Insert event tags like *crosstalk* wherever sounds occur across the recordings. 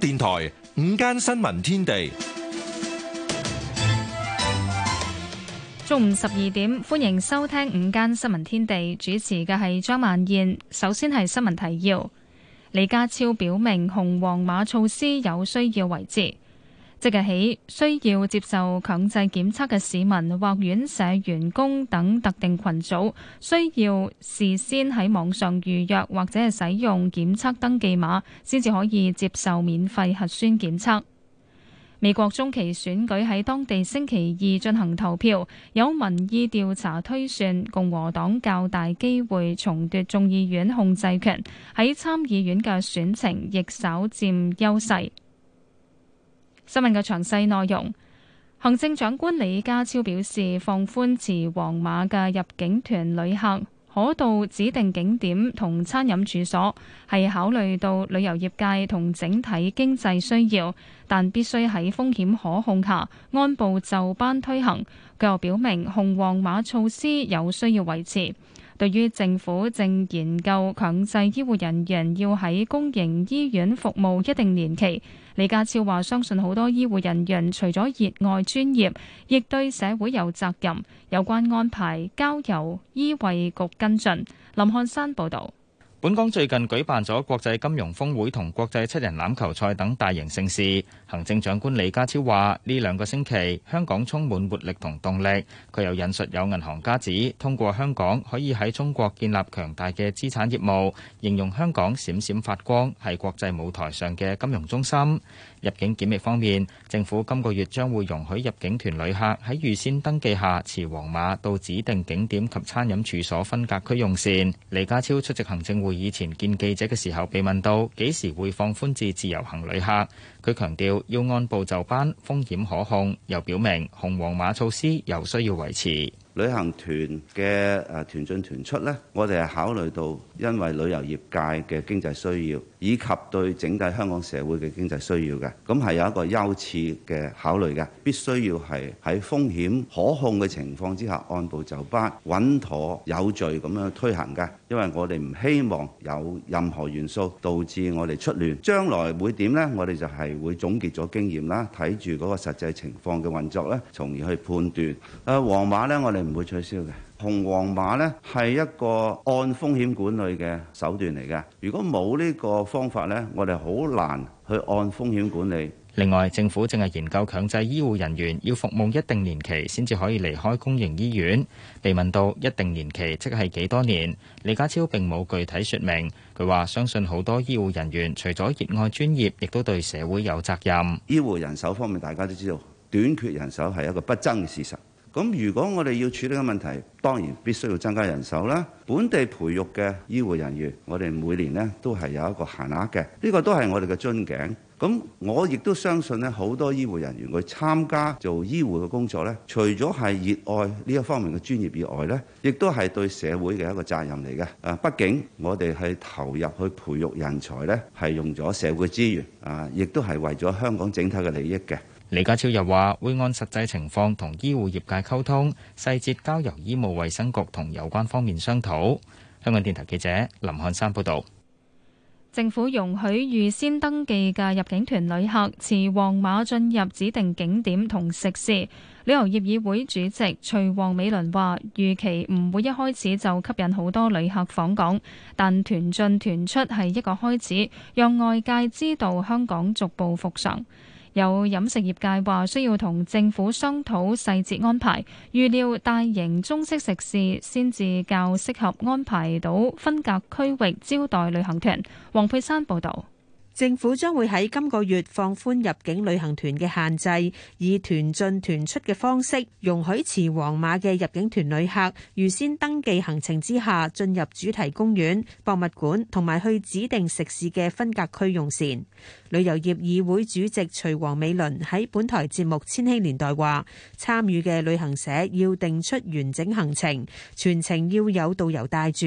電台午間新聞天地，中午十二點，歡迎收聽午間新聞天地，主持嘅係張曼燕。首先係新聞提要，李家超表明紅黃碼措施有需要維持。即日起，需要接受強制檢測嘅市民或院舍員工等特定群組，需要事先喺網上預約或者係使用檢測登記碼先至可以接受免費核酸檢測。美國中期選舉喺當地星期二進行投票，有民意調查推算共和黨較大機會重奪眾議院控制權，喺參議院嘅選情亦稍佔優勢。新聞嘅詳細內容，行政長官李家超表示，放寬持黃碼嘅入境團旅客可到指定景點同餐飲處所，係考慮到旅遊業界同整體經濟需要，但必須喺風險可控下按部就班推行。佢又表明，紅黃碼措施有需要維持。對於政府正研究強制醫護人員要喺公營醫院服務一定年期。李家超話：相信好多醫護人員除咗熱愛專業，亦對社會有責任。有關安排，交由醫衛局跟進。林漢山報道。本港最近舉辦咗國際金融峰會同國際七人欖球賽等大型盛事，行政長官李家超話：呢兩個星期，香港充滿活力同動力。佢又引述有銀行家指，通過香港可以喺中國建立強大嘅資產業務，形容香港閃閃發光，係國際舞台上嘅金融中心。入境檢疫方面，政府今個月將會容許入境團旅客喺預先登記下持黃碼到指定景點及餐飲處所分隔區用膳。李家超出席行政會議前見記者嘅時候，被問到幾時會放寬至自由行旅客，佢強調要按部就班，風險可控，又表明紅黃碼措施又需要維持。旅行團嘅誒團進團出呢，我哋係考慮到因為旅遊業界嘅經濟需要，以及對整體香港社會嘅經濟需要嘅，咁係有一個優次嘅考慮嘅，必須要係喺風險可控嘅情況之下按部就班、穩妥有序咁樣推行嘅。因為我哋唔希望有任何元素導致我哋出亂，將來會點咧？我哋就係會總結咗經驗啦，睇住嗰個實際情況嘅運作咧，從而去判斷。誒，黃碼咧，我哋唔會取消嘅。紅黃碼咧，係一個按風險管理嘅手段嚟嘅。如果冇呢個方法咧，我哋好難去按風險管理。另外，政府正係研究強制醫護人員要服務一定年期先至可以離開公營醫院。被問到一定年期即係幾多年，李家超並冇具體説明。佢話：相信好多醫護人員除咗熱愛專業，亦都對社會有責任。醫護人手方面，大家都知道短缺人手係一個不爭嘅事實。咁如果我哋要處理嘅問題，當然必須要增加人手啦。本地培育嘅醫護人員，我哋每年呢都係有一個限額嘅，呢、這個都係我哋嘅樽頸。咁我亦都相信咧，好多醫護人員去參加做醫護嘅工作咧，除咗係熱愛呢一方面嘅專業以外咧，亦都係對社會嘅一個責任嚟嘅。啊，畢竟我哋係投入去培育人才咧，係用咗社會嘅資源啊，亦都係為咗香港整體嘅利益嘅。李家超又話：會按實際情況同醫護業界溝通，細節交由醫務衛生局同有關方面商討。香港電台記者林漢山報道。政府容許預先登記嘅入境團旅客持黃碼進入指定景點同食肆。旅遊業議會主席徐王美倫話：預期唔會一開始就吸引好多旅客訪港，但團進團出係一個開始，讓外界知道香港逐步復常。有飲食業界話需要同政府商討細節安排，預料大型中式食肆先至較適合安排到分隔區域招待旅行團。黃佩珊報導，政府將會喺今個月放寬入境旅行團嘅限制，以團進團出嘅方式容許持黃碼嘅入境團旅客預先登記行程之下，進入主題公園、博物館同埋去指定食肆嘅分隔區用膳。旅遊業議會主席徐王美倫喺本台節目《千禧年代》話：參與嘅旅行社要定出完整行程，全程要有導遊帶住。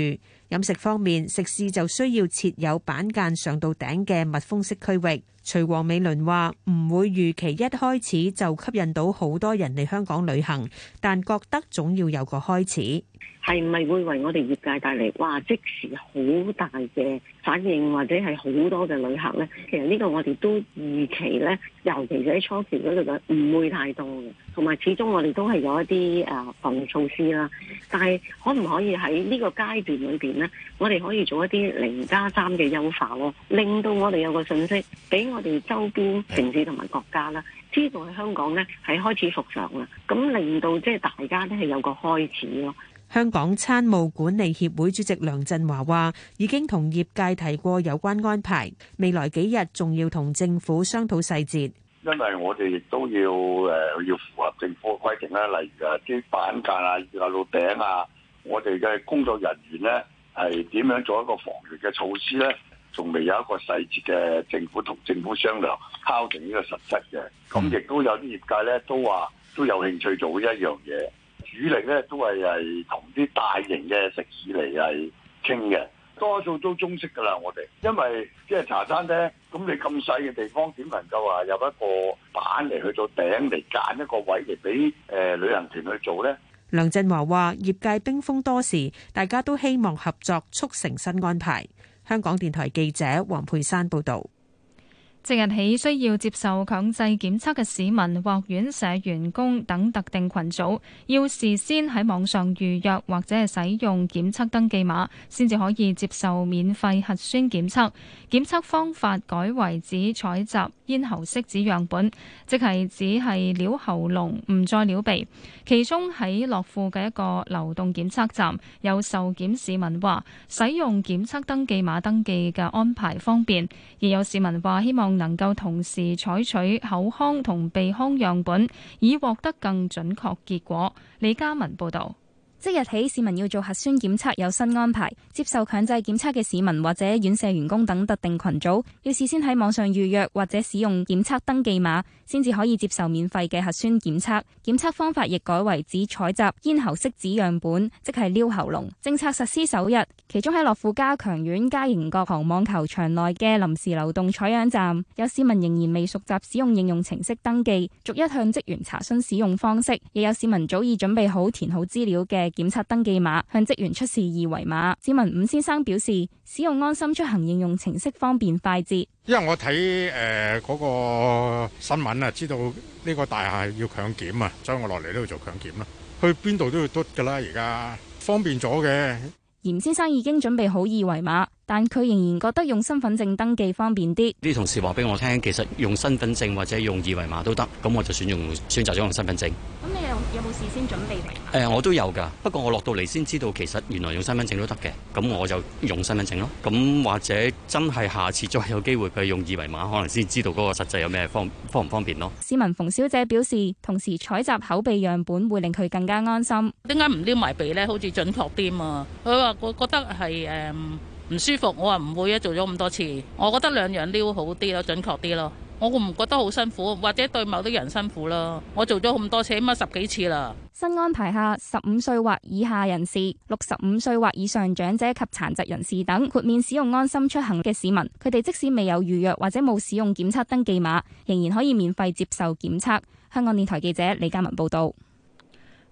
飲食方面，食肆就需要設有板間上到頂嘅密封式區域。徐王美倫話唔會預期一開始就吸引到好多人嚟香港旅行，但覺得總要有個開始，係咪會為我哋業界帶嚟哇即時好大嘅反應或者係好多嘅旅客咧？其實呢個我哋都預期咧，尤其係喺初期嗰度嘅唔會太多嘅。同埋，始終我哋都係有一啲誒防疫措施啦。但係可唔可以喺呢個階段裏邊呢？我哋可以做一啲零加三嘅優化咯，令到我哋有個信息俾我哋周邊城市同埋國家啦，知道喺香港呢係開始復常啦。咁令到即係大家都係有個開始咯。香港餐務管理協會主席梁振華話：已經同業界提過有關安排，未來幾日仲要同政府商討細節。因為我哋亦都要誒要符合政府嘅規定啦，例如啊啲板架、啊、樓頂啊，我哋嘅工作人員咧係點樣做一個防疫嘅措施咧，仲未有一個細節嘅政府同政府商量敲定呢個實質嘅。咁亦都有啲業界咧都話都有興趣做一樣嘢，主力咧都係係同啲大型嘅食肆嚟係傾嘅。多數都中式㗎啦，我哋，因為即係茶餐廳，咁你咁細嘅地方，點能夠話有一個板嚟去做頂嚟揀一個位嚟俾誒旅行團去做呢？梁振華話：業界冰封多時，大家都希望合作促成新安排。香港電台記者黃佩珊報道。即日起，需要接受強制檢測嘅市民或院舍員工等特定群組，要事先喺網上預約或者係使用檢測登記碼，先至可以接受免費核酸檢測。檢測方法改為只採集。咽喉拭子樣本，即係只係撩喉嚨，唔再撩鼻。其中喺樂富嘅一個流動檢測站，有受檢市民話使用檢測登記碼登記嘅安排方便，而有市民話希望能夠同時採取口腔同鼻腔樣本，以獲得更準確結果。李嘉文報道。即日起，市民要做核酸檢測有新安排。接受強制檢測嘅市民或者院舍員工等特定群組，要事先喺網上預約或者使用檢測登記碼，先至可以接受免費嘅核酸檢測。檢測方法亦改為只採集咽喉拭子樣本，即係撩喉嚨。政策實施首日，其中喺樂富加強院加盈各行網球場內嘅臨時流動採樣站，有市民仍然未熟習使用應用程式登記，逐一向職員查詢使用方式；亦有市民早已準備好填好資料嘅。檢測登記碼，向職員出示二維碼。市民伍先生表示，使用安心出行應用程式方便快捷。因為我睇誒嗰個新聞啊，知道呢個大廈要強檢啊，所以我落嚟都要做強檢啦。去邊度都要嘟㗎喇，而家方便咗嘅。嚴先生已經準備好二維碼。但佢仍然覺得用身份證登記方便啲。啲同事話俾我聽，其實用身份證或者用二維碼都得，咁我就選用選擇咗用身份證。咁你有冇事先準備嚟？誒、呃，我都有噶，不過我落到嚟先知道，其實原來用身份證都得嘅，咁我就用身份證咯。咁或者真係下次再有機會，佢用二維碼，可能先知道嗰個實際有咩方方唔方便咯。市民馮小姐表示，同時採集口鼻樣本會令佢更加安心。點解唔撩埋鼻咧？好似準確啲啊！佢話我覺覺得係誒。Um, 唔舒服，我話唔會啊！做咗咁多次，我覺得兩樣撩好啲咯，準確啲咯。我唔覺得好辛苦，或者對某啲人辛苦咯。我做咗咁多次，起碼十幾次啦。新安排下，十五歲或以下人士、六十五歲或以上長者及殘疾人士等豁免使用安心出行嘅市民，佢哋即使未有預約或者冇使用檢測登記碼，仍然可以免費接受檢測。香港電台記者李嘉文報道。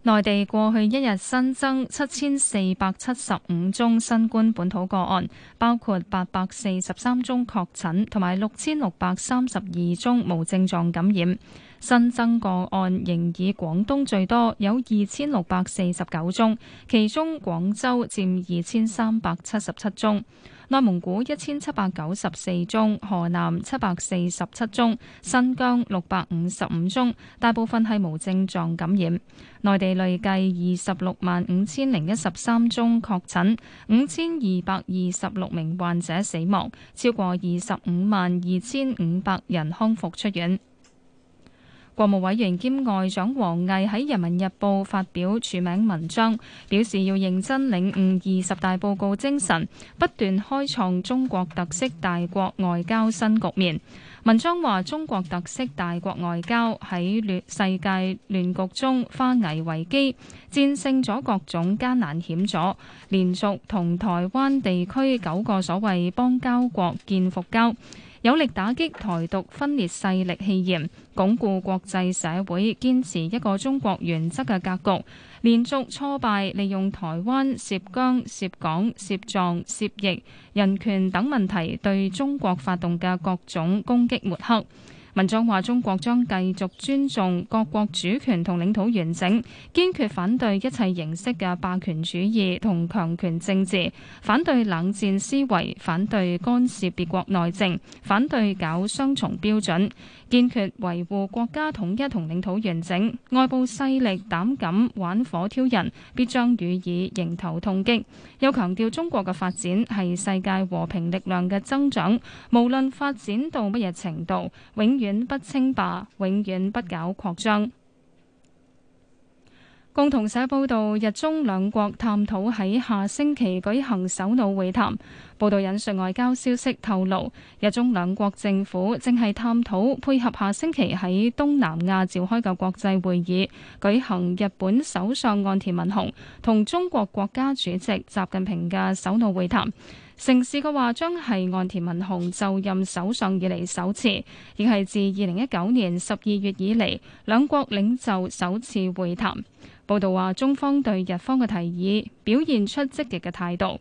內地過去一日新增七千四百七十五宗新冠本土個案，包括八百四十三宗確診同埋六千六百三十二宗無症狀感染。新增個案仍以廣東最多，有二千六百四十九宗，其中廣州佔二千三百七十七宗。內蒙古一千七百九十四宗，河南七百四十七宗，新疆六百五十五宗，大部分係無症狀感染。內地累計二十六萬五千零一十三宗確診，五千二百二十六名患者死亡，超過二十五萬二千五百人康復出院。國務委員兼外長王毅喺《人民日報》發表署名文章，表示要認真領悟二十大報告精神，不斷開創中國特色大國外交新局面。文章話：中國特色大國外交喺亂世界亂局中化危為機，戰勝咗各種艱難險阻，連續同台灣地區九個所謂邦交國建復交。有力打擊台獨分裂勢力氣焰，鞏固國際社會堅持一個中國原則嘅格局，連續挫敗利用台灣涉疆、涉港、涉藏、涉疫、人權等問題對中國發動嘅各種攻擊抹黑。文章話：中國將繼續尊重各國主權同領土完整，堅決反對一切形式嘅霸權主義同強權政治，反對冷戰思維，反對干涉別國內政，反對搞雙重標準。堅決維護國家統一同領土完整，外部勢力膽敢玩火挑人，必將予以迎頭痛擊。又強調中國嘅發展係世界和平力量嘅增長，無論發展到乜嘢程度，永遠不稱霸，永遠不搞擴張。共同社報道，日中兩國探討喺下星期舉行首腦會談。報道引述外交消息透露，日中兩國政府正係探討配合下星期喺東南亞召開嘅國際會議，舉行日本首相岸田文雄同中國國家主席習近平嘅首腦會談。成事嘅話，將係岸田文雄就任首相以嚟，首次，亦係自二零一九年十二月以嚟兩國領袖首次會談。報道話，中方對日方嘅提議表現出積極嘅態度。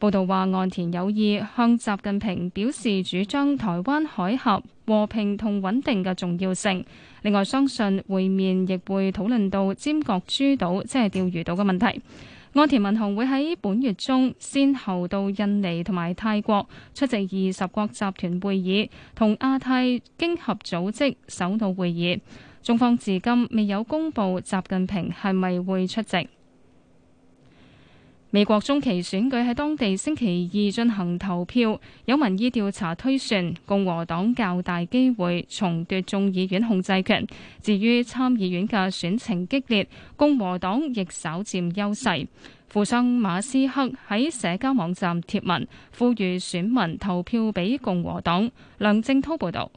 報道話，岸田有意向習近平表示主張台灣海峽和平同穩定嘅重要性。另外，相信會面亦會討論到尖閣諸島，即係釣魚島嘅問題。岸田文雄會喺本月中先後到印尼同埋泰國出席二十國集團會議同亞太經合組織首腦會議。中方至今未有公布習近平係咪會出席。美國中期選舉喺當地星期二進行投票，有民意調查推算共和黨較大機會重奪眾議院控制權。至於參議院嘅選情激烈，共和黨亦稍佔優勢，富商馬斯克喺社交網站貼文，呼籲選民投票俾共和黨。梁正濤報道。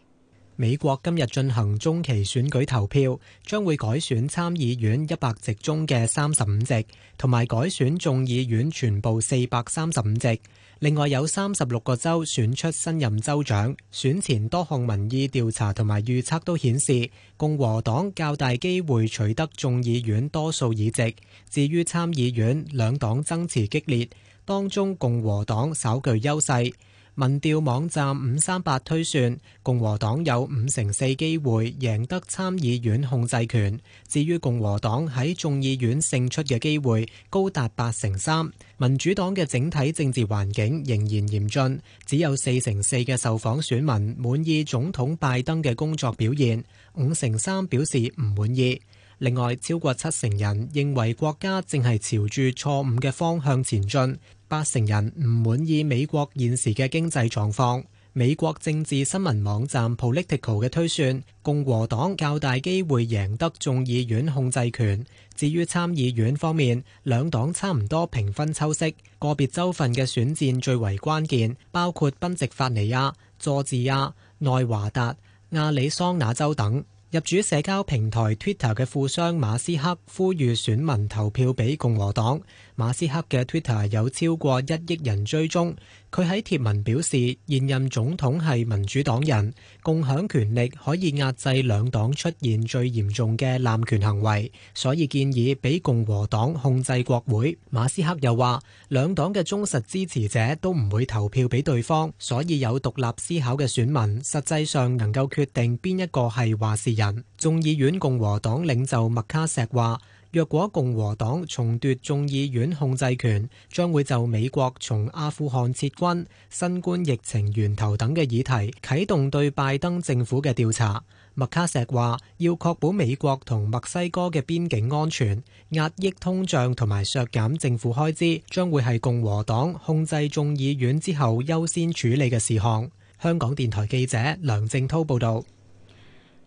美國今日進行中期選舉投票，將會改選參議院一百席中嘅三十五席，同埋改選眾議院全部四百三十五席。另外有三十六個州選出新任州長。選前多項民意調查同埋預測都顯示共和黨較大機會取得眾議院多數議席。至於參議院，兩黨爭持激烈，當中共和黨稍具優勢。民調網站五三八推算共和黨有五成四機會贏得參議院控制權，至於共和黨喺眾議院勝出嘅機會高達八成三。民主黨嘅整體政治環境仍然嚴峻，只有四成四嘅受訪選民滿意總統拜登嘅工作表現，五成三表示唔滿意。另外，超過七成人認為國家正係朝住錯誤嘅方向前進。八成人唔滿意美國現時嘅經濟狀況。美國政治新聞網站 Political 嘅推算，共和黨較大機會贏得眾議院控制權。至於參議院方面，兩黨差唔多平分秋色。個別州份嘅選戰最為關鍵，包括賓夕法尼亞、佐治亞、內華達、亞里桑那州等。入主社交平台 Twitter 嘅富商馬斯克呼籲選民投票俾共和黨，馬斯克嘅 Twitter 有超過一億人追蹤。佢喺貼文表示現任總統係民主黨人，共享權力可以壓制兩黨出現最嚴重嘅濫權行為，所以建議俾共和黨控制國會。馬斯克又話，兩黨嘅忠實支持者都唔會投票俾對方，所以有獨立思考嘅選民實際上能夠決定邊一個係話事人。眾議院共和黨領袖麥卡錫話，若果共和黨重奪眾議院控制權，將會就美國從阿富汗撤軍、新冠疫情源頭等嘅議題啟動對拜登政府嘅調查。麥卡錫話，要確保美國同墨西哥嘅邊境安全、壓抑通脹同埋削減政府開支，將會係共和黨控制眾議院之後優先處理嘅事項。香港電台記者梁正濤報道。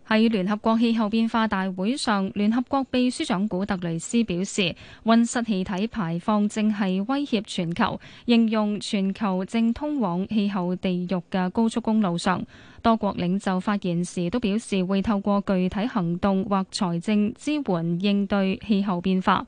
喺聯合國氣候變化大會上，聯合國秘書長古特雷斯表示，溫室氣體排放正係威脅全球，形容全球正通往氣候地獄嘅高速公路上。多國領袖發言時都表示，會透過具體行動或財政支援應對氣候變化。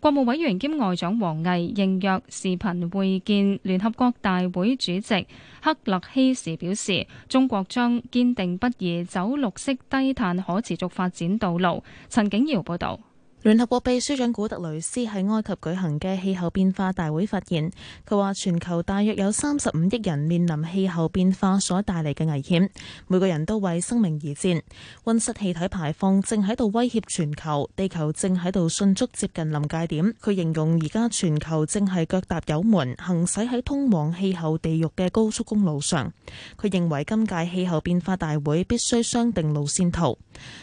國務委員兼外長王毅應約視頻會見聯合國大會主席克勒希時表示，中國將堅定不移走綠色、低碳、可持續發展道路。陳景堯報道。聯合國秘書長古特雷斯喺埃及舉行嘅氣候變化大會發言，佢話全球大約有三十五億人面臨氣候變化所帶嚟嘅危險，每個人都為生命而戰。溫室氣體排放正喺度威脅全球，地球正喺度迅速接近臨界點。佢形容而家全球正係腳踏油門，行駛喺通往氣候地獄嘅高速公路上。佢認為今屆氣候變化大會必須商定路線圖。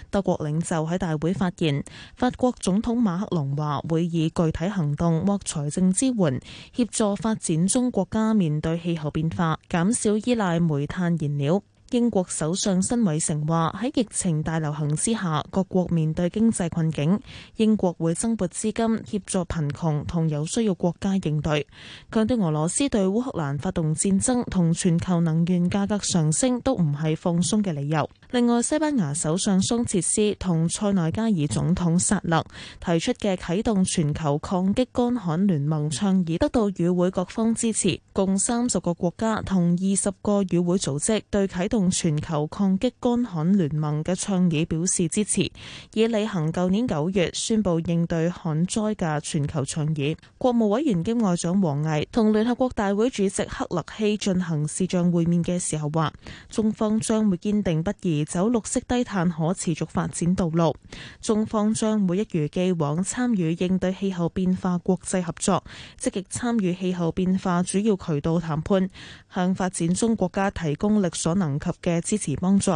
德國領袖喺大會發言，法國總統馬克龍話會以具體行動獲財政支援，協助發展中國家面對氣候變化，減少依賴煤炭燃料。英國首相辛偉誠話喺疫情大流行之下，各國面對經濟困境，英國會增撥資金協助貧窮同有需要國家應對，強調俄羅斯對烏克蘭發動戰爭同全球能源價格上升都唔係放鬆嘅理由。另外，西班牙首相桑切斯同塞內加爾總統薩勒提出嘅啟動全球抗擊乾旱聯盟倡議，得到與會各方支持，共三十個國家同二十個與會組織對啟動全球抗擊乾旱聯盟嘅倡議表示支持，以履行舊年九月宣布應對旱災嘅全球倡議。國務委員兼外長王毅同聯合國大會主席克勒希進行視像會面嘅時候話，中方將會堅定不移。而走綠色、低碳、可持續發展道路，中方將會一如既往參與應對氣候變化國際合作，積極參與氣候變化主要渠道談判，向發展中國家提供力所能及嘅支持幫助。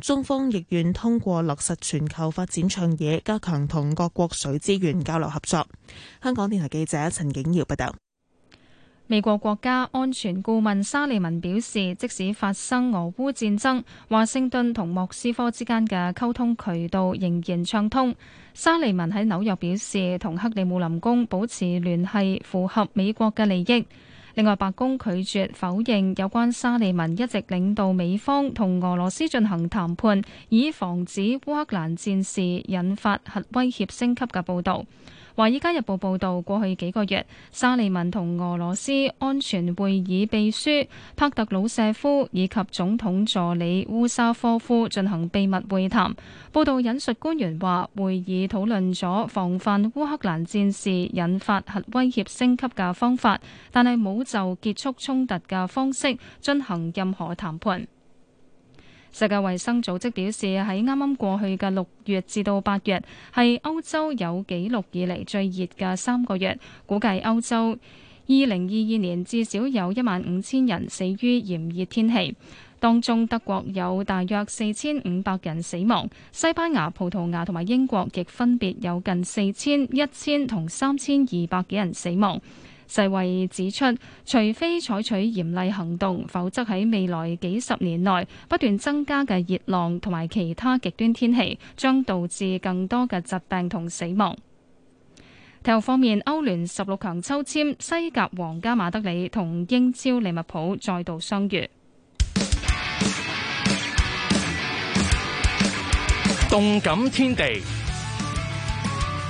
中方亦願通過落實全球發展倡議，加強同各國水資源交流合作。香港電台記者陳景瑤報道。美國國家安全顧問沙利文表示，即使發生俄烏戰爭，華盛頓同莫斯科之間嘅溝通渠道仍然暢通。沙利文喺紐約表示，同克里姆林宮保持聯繫符合美國嘅利益。另外，白宮拒絕否認有關沙利文一直領導美方同俄羅斯進行談判，以防止烏克蘭戰事引發核威脅升級嘅報導。《華爾街日報》報導，過去幾個月，沙利文同俄羅斯安全會議秘書帕特魯舍夫以及總統助理烏沙科夫進行秘密會談。報導引述官員話，會議討論咗防範烏克蘭戰事引發核威脅升級嘅方法，但係冇就結束衝突嘅方式進行任何談判。世界衛生組織表示，喺啱啱過去嘅六月至到八月，係歐洲有紀錄以嚟最熱嘅三個月。估計歐洲二零二二年至少有一萬五千人死於炎熱天氣，當中德國有大約四千五百人死亡，西班牙、葡萄牙同埋英國亦分別有近四千、一千同三千二百幾人死亡。世衛指出，除非採取嚴厲行動，否則喺未來幾十年內不斷增加嘅熱浪同埋其他極端天氣，將導致更多嘅疾病同死亡。體育方面，歐聯十六強抽籤，西甲皇家馬德里同英超利物浦再度相遇。動感天地。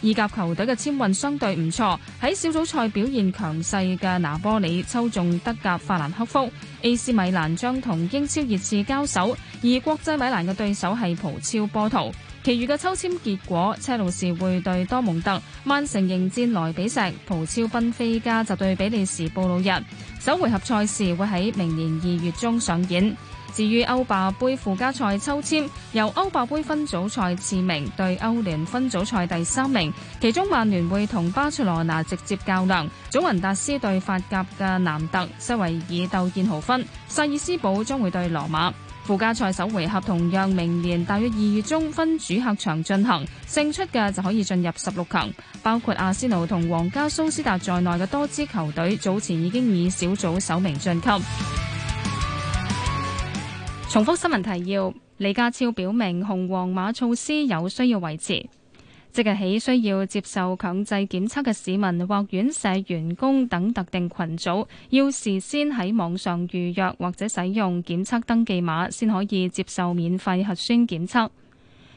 意甲球隊嘅簽運相對唔錯，喺小組賽表現強勢嘅拿波里抽中德甲法蘭克福，AC 米蘭將同英超熱刺交手，而國際米蘭嘅對手係葡超波圖。其餘嘅抽籤結果，車路士會對多蒙特，曼城迎戰萊比錫，葡超賓菲加就對比利時布魯日。首回合賽事會喺明年二月中上演。至於歐霸杯附加賽抽籤，由歐霸杯分組賽次名對歐聯分組賽第三名，其中曼聯會同巴塞羅那直接較量，祖雲達斯對法甲嘅南特、塞維爾鬥燕豪芬，薩爾斯堡將會對羅馬。附加賽首回合同樣明年大約二月中分主客場進行，勝出嘅就可以進入十六強，包括阿仙奴同皇家蘇斯達在內嘅多支球隊早前已經以小組首名晉級。重複新聞提要：李家超表明紅黃碼措施有需要維持。即日起需要接受強制檢測嘅市民或院舍員工等特定群組，要事先喺網上預約或者使用檢測登記碼，先可以接受免費核酸檢測。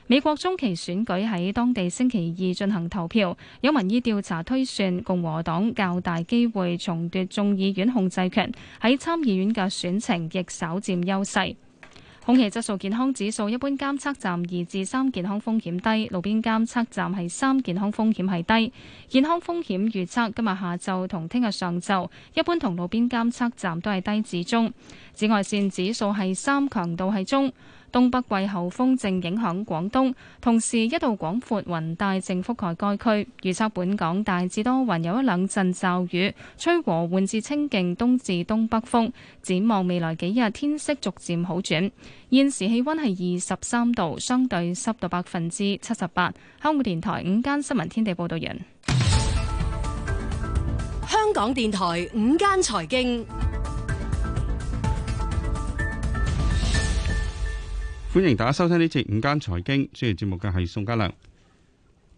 美國中期選舉喺當地星期二進行投票，有民意調查推算共和黨較大機會重奪眾議院控制權，喺參議院嘅選情亦稍佔優勢。空氣質素健康指數一般監測站二至三健康風險低，路邊監測站係三健康風險係低。健康風險預測今日下晝同聽日上晝一般同路邊監測站都係低至中。紫外線指數係三，強度係中。東北季候風正影響廣東，同時一道廣闊雲帶正覆蓋該區。預測本港大致多雲，有一兩陣驟雨，吹和緩至清勁東至東北風。展望未來幾日，天色逐漸好轉。現時氣溫係二十三度，相對濕度百分之七十八。香港電台午間新聞天地報道員。香港電台午間財經。歡迎大家收聽呢次午間財經。主持節目嘅係宋家良。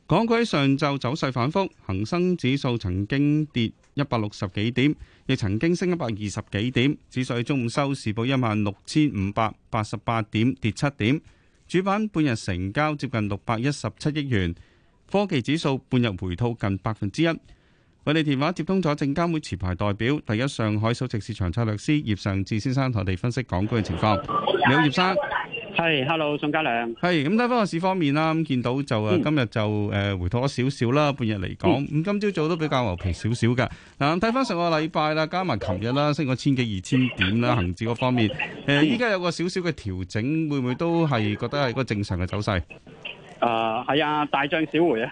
港股喺上晝走勢反覆，恒生指數曾經跌一百六十幾點，亦曾經升一百二十幾點。指數喺中午收市報一萬六千五百八十八點，跌七點。主板半日成交接近六百一十七億元。科技指數半日回吐近百分之一。我哋電話接通咗證監會持牌代表、第一上海首席市場策略師葉尚志先生，同我哋分析港股嘅情況。你好，葉生。係，Hello，宋家良。係，咁睇翻個市方面啦，咁見到就誒、嗯，今日就誒回吐咗少少啦，半日嚟講，咁今朝早都比較牛皮少少嘅。嗱，睇翻上個禮拜啦，加埋琴日啦，升咗千幾二千點啦，恒指嗰方面，誒，依家有個少少嘅調整，會唔會都係覺得係個正常嘅走勢？誒，係啊，大漲小回啊，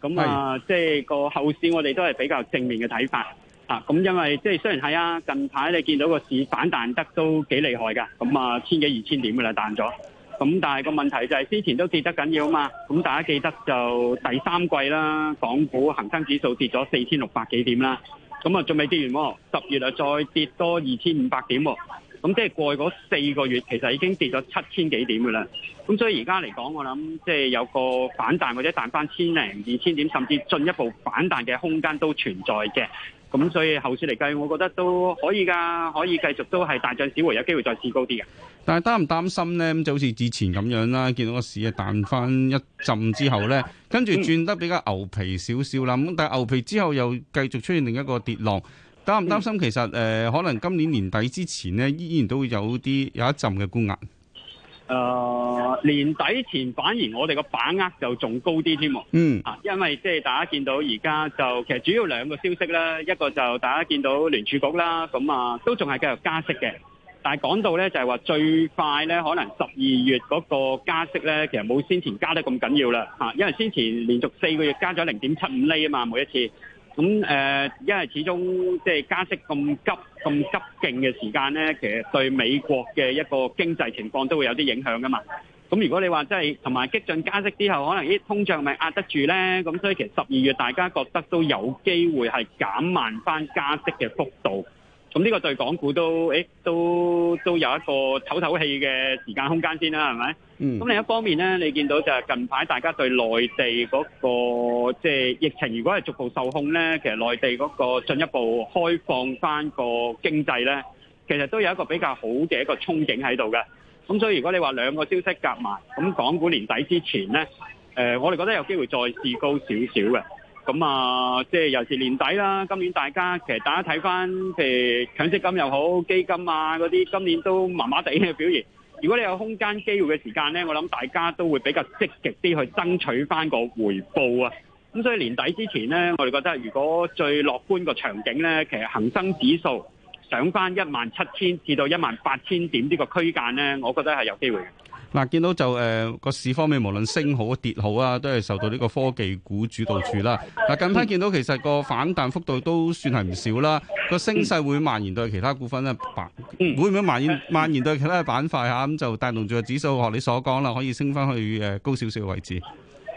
咁、嗯、是啊，即係個後市我哋都係比較正面嘅睇法。咁啊，因為即係雖然係啊，近排你見到個市反彈得都幾厲害㗎，咁啊千幾二千點㗎啦，彈咗。咁但係個問題就係之前都跌得緊要嘛，咁大家記得就第三季啦，港股恒生指數跌咗四千六百幾點啦，咁啊仲未跌完喎，十月啊再跌多二千五百點喎，咁即係過去嗰四個月其實已經跌咗七千幾點㗎啦。咁所以而家嚟講，我諗即係有個反彈或者彈翻千零二千點，甚至進一步反彈嘅空間都存在嘅。咁所以後市嚟計，我覺得都可以㗎，可以繼續都係大漲小回，有機會再試高啲嘅。但係擔唔擔心呢？咁就好似之前咁樣啦，見到個市啊彈翻一浸之後呢，跟住轉得比較牛皮少少啦。咁但係牛皮之後又繼續出現另一個跌浪。擔唔擔心？其實誒、呃，可能今年年底之前呢，依然都會有啲有一浸嘅沽壓。誒、呃，年底前反而我哋個把握就仲高啲添，嗯，啊，因為即係大家見到而家就其實主要兩個消息啦，一個就大家見到聯儲局啦，咁啊都仲係繼續加息嘅，但係講到呢，就係話最快呢，可能十二月嗰個加息呢，其實冇先前加得咁緊要啦，吓、啊，因為先前連續四個月加咗零點七五厘啊嘛，每一次。咁誒，因為、呃、始終即係加息咁急咁急勁嘅時間咧，其實對美國嘅一個經濟情況都會有啲影響噶嘛。咁如果你話即係同埋激進加息之後，可能啲通脹咪壓得住咧，咁所以其實十二月大家覺得都有機會係減慢翻加息嘅幅度。咁呢個對港股都，誒、欸，都都有一個唞唞氣嘅時間空間先啦，係咪？嗯。咁另一方面咧，你見到就係近排大家對內地嗰個，即係疫情，如果係逐步受控咧，其實內地嗰個進一步開放翻個經濟咧，其實都有一個比較好嘅一個憧憬喺度嘅。咁所以如果你話兩個消息夾埋，咁港股年底之前咧，誒、呃，我哋覺得有機會再試高少少嘅。咁啊，即係尤其年底啦。今年大家其實大家睇翻，譬如強積金又好，基金啊嗰啲，今年都麻麻地嘅表現。如果你有空間機會嘅時間咧，我諗大家都會比較積極啲去爭取翻個回報啊。咁所以年底之前咧，我哋覺得如果最樂觀個場景咧，其實恒生指數上翻一萬七千至到一萬八千點呢個區間咧，我覺得係有機會。嗱，見到就誒個市方面，無論升好跌好啊，都係受到呢個科技股主導住啦。嗱，近排見到其實個反彈幅度都算係唔少啦。個升勢會蔓延到其他股份咧板，會唔會蔓延蔓延到其他嘅板塊嚇？咁、嗯、就帶動住個指數，學你所講啦，可以升翻去誒高少少嘅位置。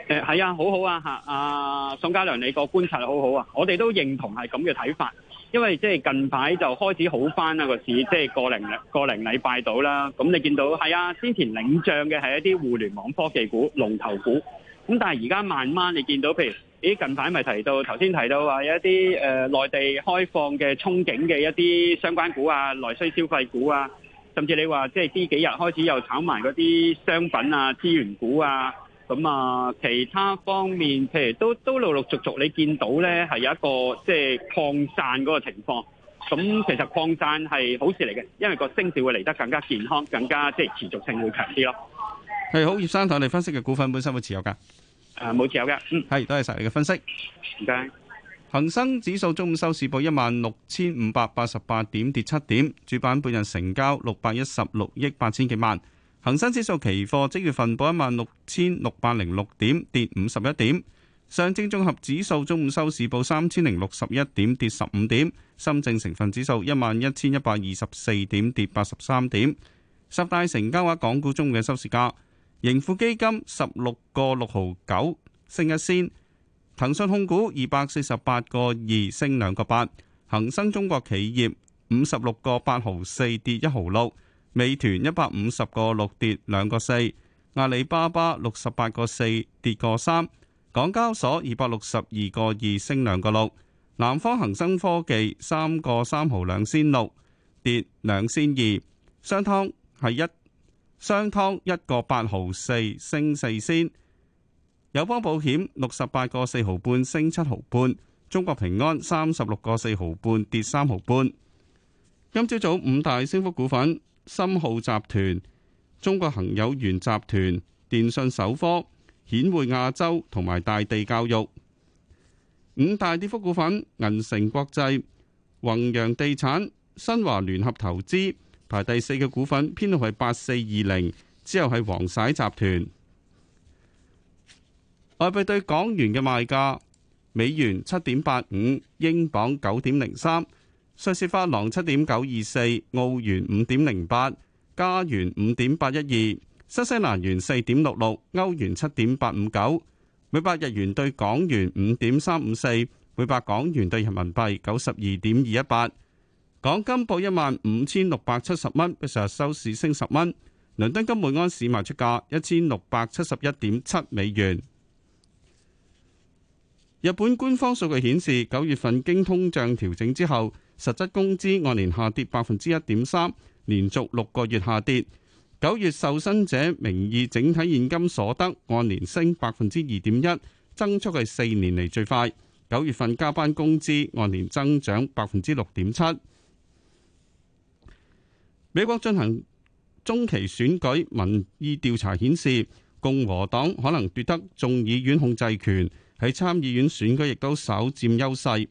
誒，係啊，好好啊嚇！阿、呃、宋嘉良，你個觀察好好啊，我哋都認同係咁嘅睇法。因為即係近排就開始好翻啦個市，即係個零個零禮拜到啦。咁你見到係啊，先前領漲嘅係一啲互聯網科技股、龍頭股。咁但係而家慢慢你見到，譬如咦近排咪提到頭先提到話一啲誒、呃、內地開放嘅憧憬嘅一啲相關股啊，內需消費股啊，甚至你話即係呢幾日開始又炒埋嗰啲商品啊、資源股啊。咁啊，其他方面，譬如都都陸陸續續你見到咧，係有一個即係、就是、擴散嗰個情況。咁其實擴散係好事嚟嘅，因為個升市會嚟得更加健康，更加即係、就是、持續性會強啲咯。係好、嗯，葉生同我哋分析嘅股份本身會持有㗎？誒、嗯，冇持有嘅。嗯，係，多謝晒你嘅分析。唔該謝。恒生指數中午收市報一萬六千五百八十八點，跌七點。主板半日成交六百一十六億八千幾萬。恒生指數期貨即月份報一萬六千六百零六點，跌五十一點。上證綜合指數中午收市報三千零六十一點，跌十五點。深證成分指數一萬一千一百二十四點，跌八十三點。十大成交額港股中嘅收市價：盈富基金十六個六毫九，升一仙；騰訊控股二百四十八個二，升兩個八；恒生中國企業五十六個八毫四，跌一毫六。美團一百五十個六，跌兩個四，阿里巴巴六十八個四，跌個三，港交所二百六十二個二，升兩個六，南方恒生科技三個三毫兩仙六，跌兩仙二，商湯係一商湯一個八毫四，升四仙，友邦保險六十八個四毫半，升七毫半，中國平安三十六個四毫半，跌三毫半。今朝早五大升幅股份。深浩集團、中國恒有源集團、電信首科、顯匯亞洲同埋大地教育五大跌幅股份，銀城國際、弘陽地產、新華聯合投資排第四嘅股份，編號係八四二零，之後係黃玺集團。外幣對港元嘅賣價，美元七點八五，英鎊九點零三。瑞士法郎七點九二四，澳元五點零八，加元五點八一二，新西蘭元四點六六，歐元七點八五九，每百日元對港元五點三五四，每百港元對人民幣九十二點二一八。港金報一萬五千六百七十蚊，比上日收市升十蚊。倫敦金每安士賣出價一千六百七十一點七美元。日本官方數據顯示，九月份經通脹調整之後。實質工資按年下跌百分之一點三，連續六個月下跌。九月受薪者名義整體現金所得按年升百分之二點一，增速係四年嚟最快。九月份加班工資按年增長百分之六點七。美國進行中期選舉，民意調查顯示共和黨可能奪得眾議院控制權，喺參議院選舉亦都首占優勢。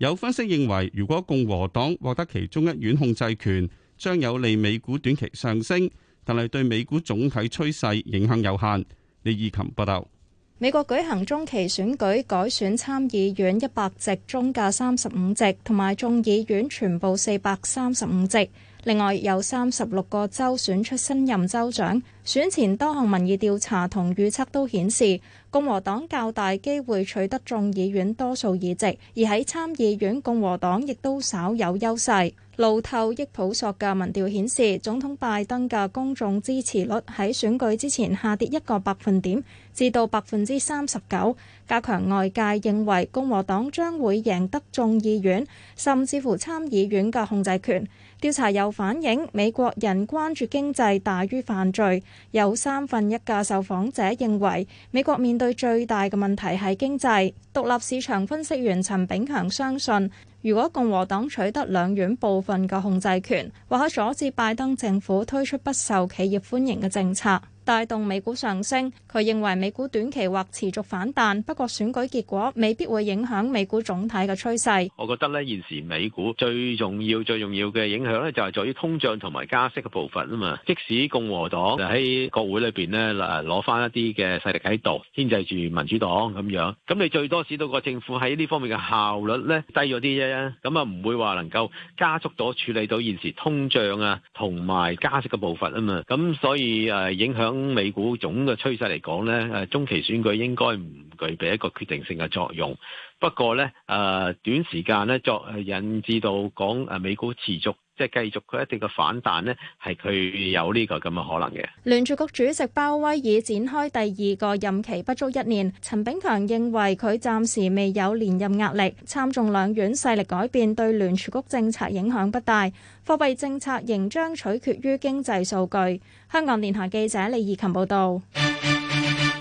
有分析認為，如果共和黨獲得其中一院控制權，將有利美股短期上升，但係對美股總體趨勢影響有限。李義琴報道，美國舉行中期選舉改選參議院一百席中價三十五席，同埋眾議院全部四百三十五席。另外有三十六個州選出新任州長，選前多項民意調查同預測都顯示共和黨較大機會取得眾議院多數議席，而喺參議院共和黨亦都稍有優勢。路透益普索嘅民調顯示，總統拜登嘅公眾支持率喺選舉之前下跌一個百分點，至到百分之三十九，加強外界認為共和黨將會贏得眾議院，甚至乎參議院嘅控制權。調查又反映美國人關注經濟大於犯罪，有三分一嘅受訪者認為美國面對最大嘅問題係經濟。獨立市場分析員陳炳強相信，如果共和黨取得兩院部分嘅控制權，或可阻止拜登政府推出不受企業歡迎嘅政策。帶動美股上升，佢認為美股短期或持續反彈，不過選舉結果未必會影響美股總體嘅趨勢。我覺得咧，現時美股最重要、最重要嘅影響咧，就係在於通脹同埋加息嘅步伐啊嘛。即使共和黨就喺國會裏邊咧，攞翻一啲嘅勢力喺度牽制住民主黨咁樣，咁你最多使到個政府喺呢方面嘅效率咧低咗啲啫，咁啊唔會話能夠加速到處理到現時通脹啊同埋加息嘅步伐啊嘛。咁所以誒影響。從美股總嘅趨勢嚟講咧，誒中期選舉應該唔具備一個決定性嘅作用。不過咧，誒、呃、短時間咧作誒引致到講，誒美股持續。即係繼續佢一定嘅反彈呢，係佢有呢個咁嘅可能嘅。聯儲局主席鮑威爾展開第二個任期不足一年，陳炳強認為佢暫時未有連任壓力。參眾兩院勢力改變對聯儲局政策影響不大，貨幣政策仍將取決於經濟數據。香港電台記者李義琴報道。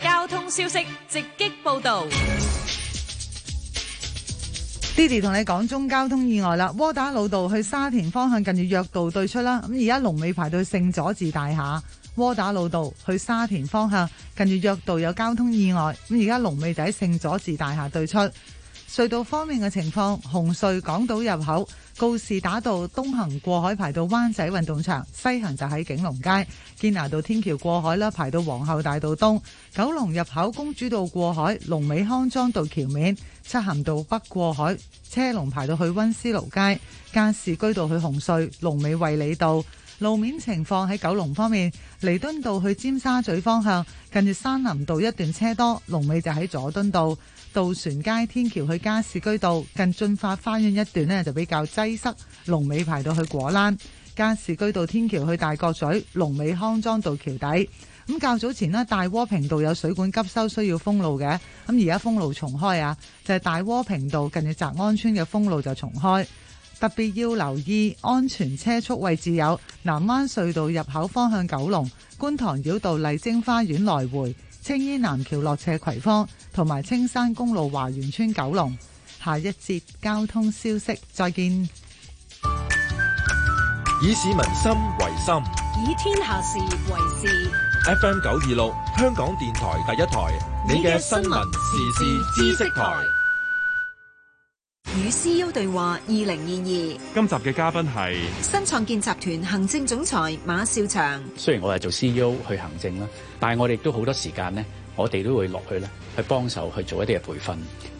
交通消息直擊報道。」Didi 同你講中交通意外啦，窩打老道去沙田方向近住約道對出啦，咁而家龍尾排到聖佐治大廈，窩打老道去沙田方向近住約道有交通意外，咁而家龍尾就喺聖佐治大廈對出。隧道方面嘅情況，紅隧港島入口告士打道東行過海排到灣仔運動場，西行就喺景隆街堅拿道天橋過海啦，排到皇后大道東，九龍入口公主道過海，龍尾康莊道橋面，漆咸道北過海車龍排到去溫思勞街，加士居道去紅隧龍尾衛理道。路面情況喺九龍方面，彌敦道去尖沙咀方向，近住山林道一段車多，龍尾就喺佐敦道；渡船街天橋去加士居道，近俊發花園一段呢就比較擠塞，龍尾排到去果欄；加士居道天橋去大角咀，龍尾康莊道橋底。咁、嗯、較早前呢，大窩坪道有水管急修需要封路嘅，咁而家封路重開啊，就係、是、大窩坪道近住澤安村嘅封路就重開。特別要留意安全車速位置，有南灣隧道入口方向九龍、觀塘繞道麗晶花園來回、青衣南橋落斜葵芳，同埋青山公路華園村九龍。下一節交通消息，再見。以市民心為心，以天下事為事。FM 九二六，香港電台第一台，你嘅新聞時事知識台。與 CEO 對話二零二二，今集嘅嘉賓係新創建集團行政總裁馬少祥。雖然我係做 CEO 去行政啦，但係我哋都好多時間呢，我哋都會落去咧去幫手去做一啲嘅培訓。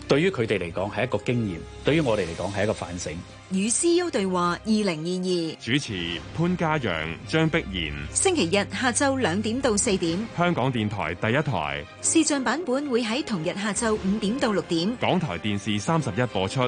對於佢哋嚟講係一個經驗，對於我哋嚟講係一個反省。與 CEO 對話二零二二，主持潘嘉陽、張璧賢。星期日下晝兩點到四點，香港電台第一台視像版本會喺同日下晝五點到六點，港台電視三十一播出。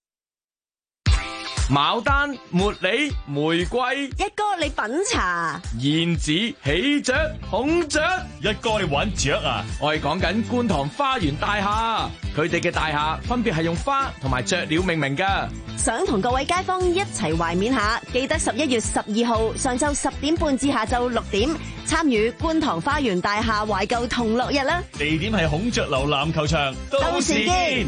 牡丹、茉莉、玫瑰，一哥你品茶。燕子、喜鵲、孔雀，一哥你玩雀啊！我係講緊觀塘花園大廈，佢哋嘅大廈分別係用花同埋雀鳥命名噶。想同各位街坊一齊懷緬下，記得十一月十二號上晝十點半至下晝六點，參與觀塘花園大廈懷舊同樂日啦。地點係孔雀樓籃球場，到時見。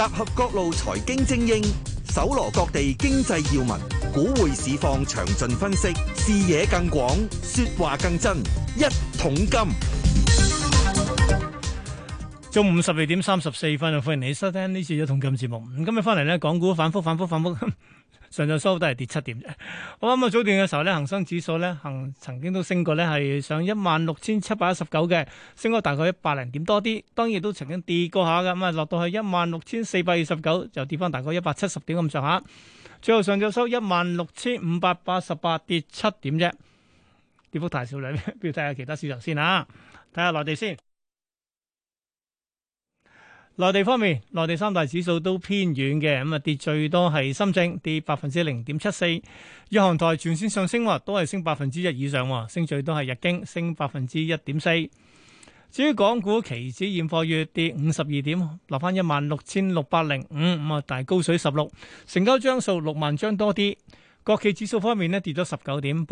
集合各路財經精英，搜羅各地經濟要聞，股匯市況詳盡分析，視野更廣，說話更真。一桶金，中午十二點三十四分，歡迎你收聽呢次一桶金節目。今日翻嚟呢，港股反復反復反覆反覆 *laughs* 上晝收都係跌七點啫。我諗啊早段嘅時候咧，恒生指數咧，恒曾經都升過咧，係上一萬六千七百一十九嘅，升咗大概一百零點多啲。當然都曾經跌過下嘅，咁啊落到去一萬六千四百二十九，就跌翻大概一百七十點咁上下。最後上晝收一萬六千五百八十八，跌七點啫，跌幅太少啦。不如睇下其他市場先吓，睇下內地先。內地方面，內地三大指數都偏軟嘅，咁啊跌最多係深證，跌百分之零點七四。日航台全線上升喎，都係升百分之一以上，升最多係日經，升百分之一點四。至於港股期指現貨月跌五十二點，落翻一萬六千六百零五，咁啊大高水十六，成交張數六萬張多啲。國企指數方面呢，跌咗十九點。